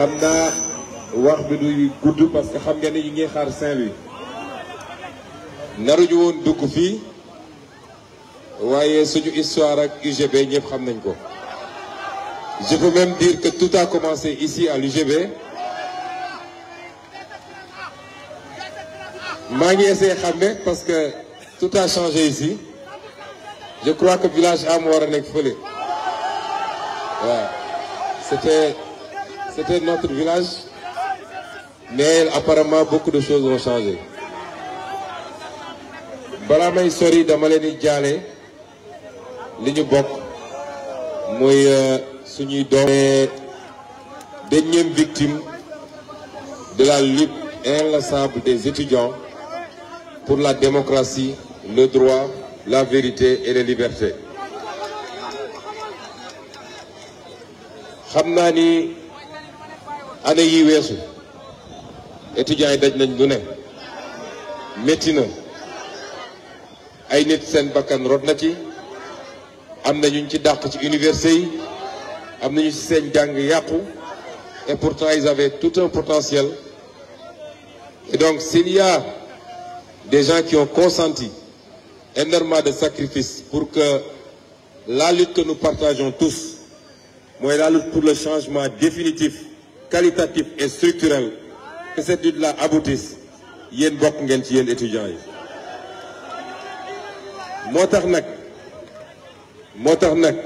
xam naa wax bi du gudd parce que xam ngeen ne yi ngay xaar Saint-Louis naruñu woon dugg fii waaye suñu histoire ak UGB ñëpp xam nañ ko je peux même dire que tout commencé ici à l'UGB maa ngi essayé xàmme parce que tout changé ici je crois que village am war a nekk fële waaw C'était notre village. Mais apparemment, beaucoup de choses ont changé. Balamay dama Damaleni Dialé, Lignu Bok, Moy mooy euh, Domé, deuxième victime de la lutte inlassable des étudiants pour la démocratie, le droit, la vérité et les libertés. xam naa ni année yi weesu étudiants yi daj nañ lu ne métti na ay nit seen bakkan rot na ci am na ñu ci dàq ci université yi am na ñu ci seen jàng yàqu et pourtant ils avaient tout un potentiel et donc s'il y a des gens qui ont consenti énormément de sacrifices pour que la lutte que nous partageons tous mooy la lutte pour le changement définitif qualitatif et structurel que cette lutte-là aboutisse yéen bokk ngeen ci yéen étudiants yi moo tax nag moo tax nag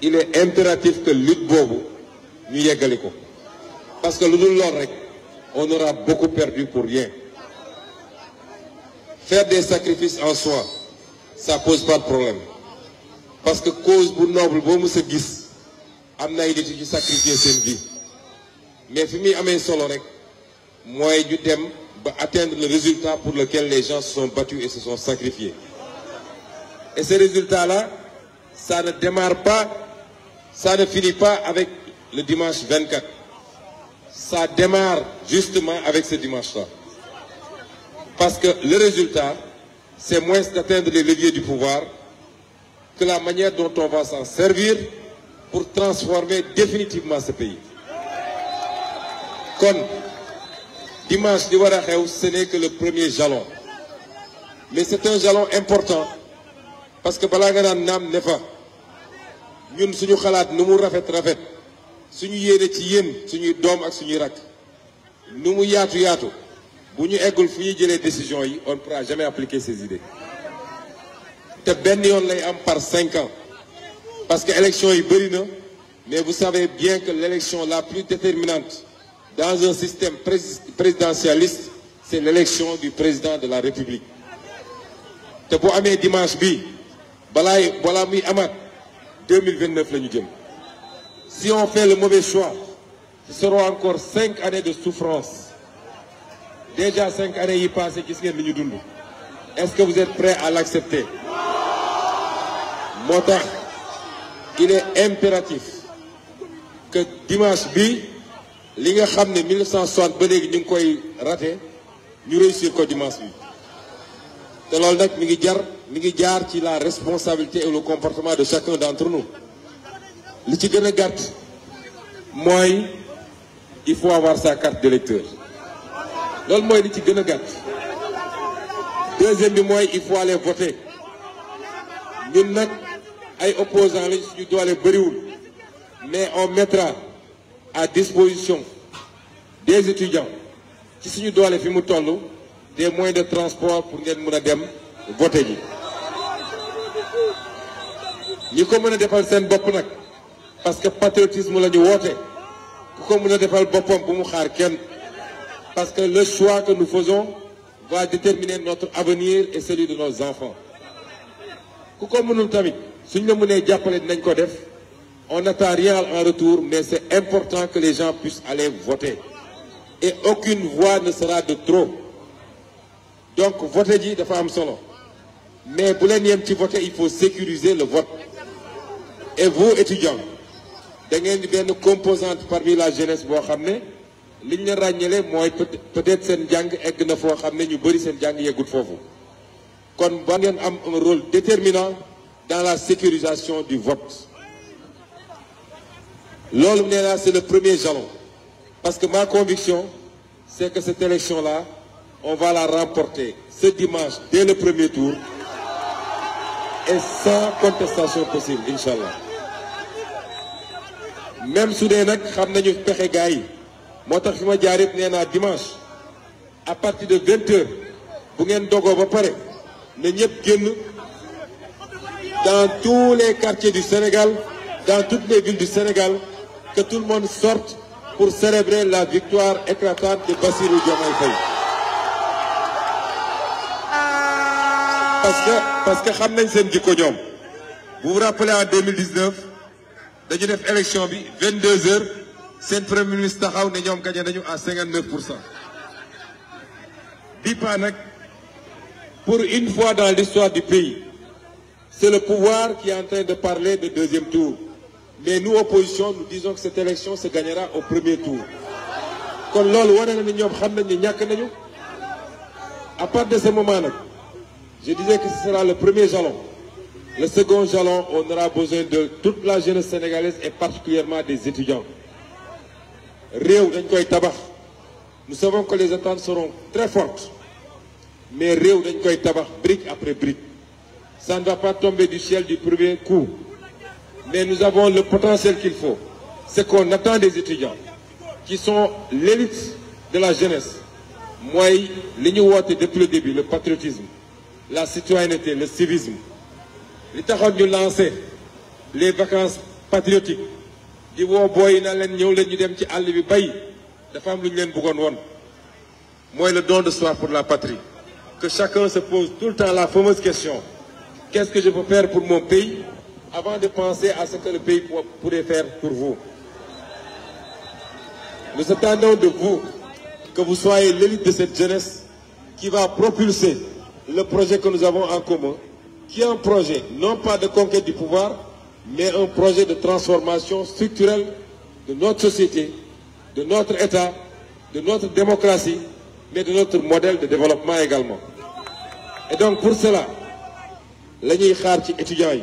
il est impératif que lutte boobu ñu yeggali ko parce que lu dul lool rek on aura beaucoup perdu pour rien faire des sacrifices en soi ça pose pas de problème parce que cause bu noble boo mës gis am na ay nit yu sacrifier seen vie mais fi muy amee solo rek mooy ñu dem ba atteindre le résultat pour lequel les gens se sont battus et se sont sacrifiés et ce résultat là ça ne démarre pas ça ne finit pas avec le dimanche 24 ça démarre justement avec ce dimanche parce que le résultat c'est moins d'atteindre les leviers du pouvoir que la manière dont on va s'en servir pour transformer définitivement ce kon dimanche li war a xew ce n'est que le premier jalon mais c'est un jalon important parce que balaa nga naan naam ne fa ñun suñu xalaat nu mu rafet rafet suñu yéene ci yéen suñuy doom ak suñuy rakk nu mu yaatu yaatu bu ñu eggul fi ñuy jëlee décision yi on ne pourra jamais appliquer ces idées te benn yoon lay am par cinq ans parce que élection yi bëri na mais vous savez bien que l'élection la plus déterminante Dans un système présidentialiste, c'est l'élection du président de la République. te bu amee dimanche bi balaay balaa muy amaat 2029 la ñu jëm si on le mauvais choix ce encore cinq années de souffrance déjà cinq années yi passé gis ngeen li ñu dund est-ce que vous moo tax il est impératif bi li nga xam ne 1960 ba léegi ñu ngi koy raté ñu réussir ko dimanche bi te loolu nag mi ngi jar mi ngi jaar ci la responsabilité et le comportement de chacun d'entre nous li ci gën a gàtt mooy il faut avoir sa carte d'électeur loolu mooy li ci gën a gàtt deuxième bi mooy il faut aller voter ñun nag ay opposants lañ suñu doole bëriwul mais un mettra à disposition des étudiants ci suñu doole fi mu toll des moyens de transport pour ngeen mën a dem voter ji ñi ko mën a defal seen bopp nag parce que patriotisme la ñu woote ku ko mën a defal boppam bu mu xaar kenn parce que le choix que nous faisons va déterminer notre avenir et celui de nos enfants ku ko mënul tamit suñ la mënee jàppale dinañ ko def On n'attend rien en retour, mais c'est important que les gens puissent aller voter. Et aucune voix ne sera de trop. Donc, voter dit dafa am solo. Mais bu leen les ci voter, il faut sécuriser le vote. Et vous, étudiants, vous avez une composante parmi la jeunesse, xam ne li ñu ràññale mooy peut-être seen jàng egg na foo xam ne ñu bëri seen jàng yeggut foofu kon ba ngeen am un rôle déterminant dans la sécurisation du vote loolu nee naa c'est le premier jalon parce que ma conviction c'est que cette élection la on va la remporter ce dimanche dès le premier tour et sans contestation possible incha allah même su dee nag xam nañu pexe gars yi moo tax fi ma jaar it nee naa dimanche à partir de vingt heures bu ngeen dogoo ba pare na ñëpp génn dans tous les quartiers du Sénégal dans toute les villes du Sénégal que tout le monde pour célébrer la victoire éclatante de Bassirou Diomaye Faye parce que parce que xam nañ seen jikko ñoom vous vous rappelez en 2019 dañu def élection bi 22 heures seen premier ministre taxaw ne ñoom gagné nañu à 59 pour cent bi pa nag pour une fois dans l'histoire du pays c'est le pouvoir qui est en train de parler de deuxième tour mais nous opposition nous disons que cette élection se gagnera au premier tour kon loolu wane na ni ñoom xam nañ ni ñàkk nañu à part de ce moment nag je disais que ce sera le premier jalon le second jalon on aura besoin de toute la jeunesse sénégalaise et particulièrement des étudiants réew dañ koy tabax nous savons que les attentes seront très fortes mais réew dañ koy tabax brique après brique ça ne va pas tomber du ciel du premier coup mais nous avons le potentiel qu'il faut. Ce qu'on attend des étudiants, qui sont l'élite de la jeunesse, moi, li ñu woote depuis le début le patriotisme la citoyenneté le civisme li taxoon ñu lancé les vacances patriotiques di woo booy na leen ñëw leen ñu dem ci àll bi bay dafa am lu ñu leen bëggoon woon mooy le don de soi pour la patrie que chacun se pose tout le temps la fameuse question qu'est-ce que je peux faire pour mon pays avant de penser à ce que le pays pourrait faire pour vous. Nous attendons de vous que vous soyez l'élite de cette jeunesse qui va propulser le projet que nous avons en commun, qui est un projet non pas de conquête du pouvoir, mais un projet de transformation structurelle de notre société, de notre État, de notre démocratie, mais de notre modèle de développement également. Et donc pour cela, la ñuy xaar ci étudiants yi.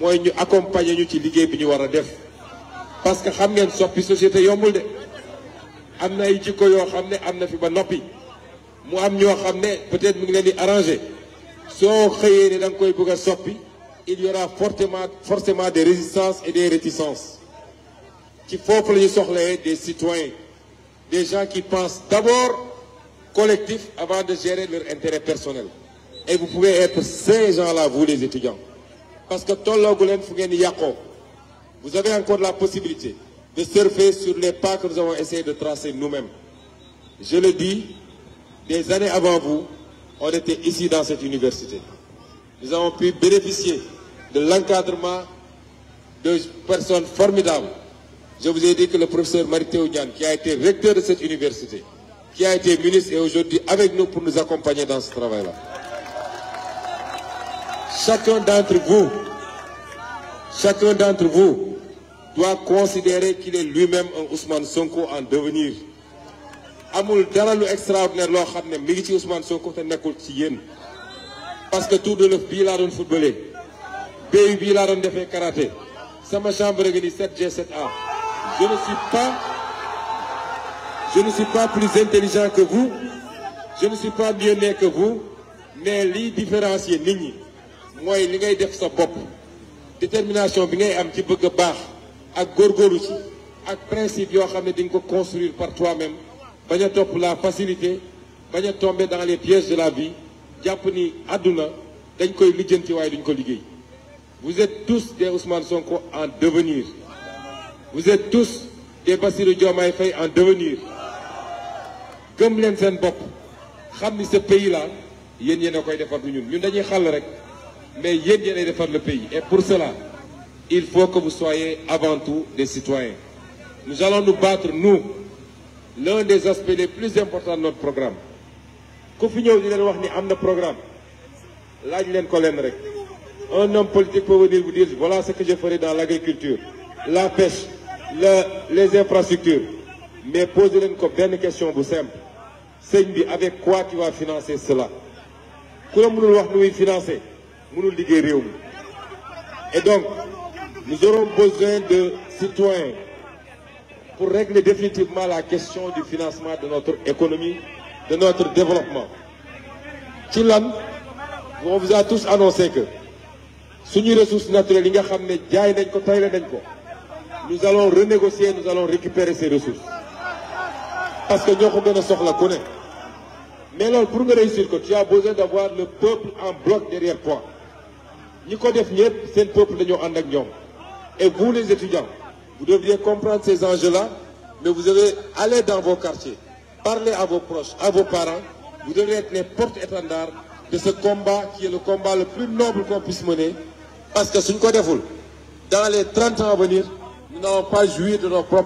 mooy ñu accompagner ñu ci liggéey bi ñu war a def parce que xam ngeen soppi société yombul de am na ay jikko yoo xam ne am na fi ba noppi mu am ñoo xam ne peut-être mu ngi leen di arrangé soo xëyee ne da koy bëgg soppi il y aura forcément des résistances et des réticences ci foofu la ñu soxlawee des citoyens des gens qui pensent d'abord collectif avant de gérer leur intérêt personnel et vous pouvez être ces gens-là vous les étudiants parce que tolloogu leen fu ngeen yàqoo vous avez encore la possibilité de surfer sur les pas que nous avons essayé de tracer nous-mêmes je le dis des années avant vous on était ici dans cette université nous avons pu bénéficier de l'encadrement de personnes formidables je vous ai dit que le professeur Mary Teuw Niane qui a été recteur de cette université qui a été ministre est aujourd'hui avec nous pour nous accompagner dans ce travail-là Chacun d'entre vous, chacun d'entre vous doit considérer qu'il est lui-même un Ousmane Sonko en devenir. amul dara lu extraordinaire loo xam ne mi ngi ci Ousmane Sonko te nekkul ci yéen parce que tout de l'œuf bii laa doon footballé béy bii laa doon defee karaté sama chambre gi ni 7G 7A je ne suis pas je ne suis pas plus intelligent que vous je ne suis pas mieux que vous mais lii différencier nit ñi mooy li ngay def sa bopp détermination bi ngay am ci bëgg a baax ak góor góorgóorlu ci ak principe yoo xam ne di nga ko construire par toi-même bañ a topp la facilité bañ a tomber dans les pièges de la vie jàpp ni àdduna dañ koy lijjanti waaye duñ ko liggéey vous êtes tous des Ousmane Sonko en devenir vous êtes tous des Bassirou Diomaye fay en devenir gëm leen seen bopp xam ni ce pays là yéen yéen a koy defar du ñun ñun dañuy xàll rek mais yéen yéenay defar le pays et pour cela il faut que vous soyez avant tout des citoyens nous allons nous battre nous l'un des aspects les plus importants de notre programme ku fi ñëw di leen wax ni am na programme laaj leen ko leen rek un homme politique peut venir vous dire voilà ce que je ferai dans l'agriculture la pêche le les infrastructures mais poser leen ko benn question bu simple sëñ bi avec quoi tu vas financer cela ku la mënul wax nu muy financer mënul liggéey réew mi et donc nous aurons besoin de citoyens pour régler définitivement la question du financement de notre économie de notre développement ci lan on vous a tous annoncé que suñuy ressources naturelles yi nga xam ne jaay nañ ko tayle nañ ko nous allons renégocier nous allons récupérer ces ressources parce que ñoo ko gën a soxla ku ne mais loolu pour nga réussir ko tu besoin d'avoir le peuple en bloc derrière toi ñi ko def ñëpp seen peuple dañoo ànd ak ñoom et vous les étudiants vous devriez comprendre ces enjeux la mais vous devez aller dans vos quartiers parler à vos proches à vos parents vous devez être porte-étendards de ce combat qui est le combat le plus noble qu'on puisse parce que suñ ko deful dans les 30 ans à venir nous n'allons pas jouir de nos propres